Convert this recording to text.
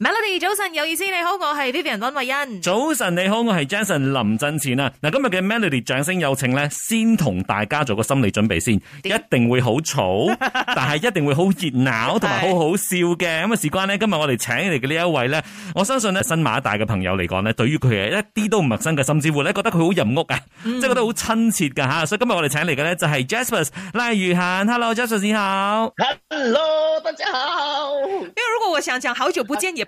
Melody 早晨有意思，你好，我係 Vivian 溫慧欣。早晨你好，我係 Jason 林振前啊！嗱，今日嘅 Melody 掌聲有請呢，先同大家做個心理準備先，一定會好嘈， 但係一定會好熱鬧，同埋好好笑嘅。咁啊，事關呢，今日我哋請嚟嘅呢一位呢，我相信呢，新馬大嘅朋友嚟講呢，對於佢係一啲都唔陌生嘅，甚至乎呢，覺得佢好入屋嘅，嗯、即係覺得好親切㗎。吓。所以今日我哋請嚟嘅呢，就係、是、Jaspers 賴宇涵。Hello，Jaspers，你好。Hello，大家好。因為如果我想講好久不見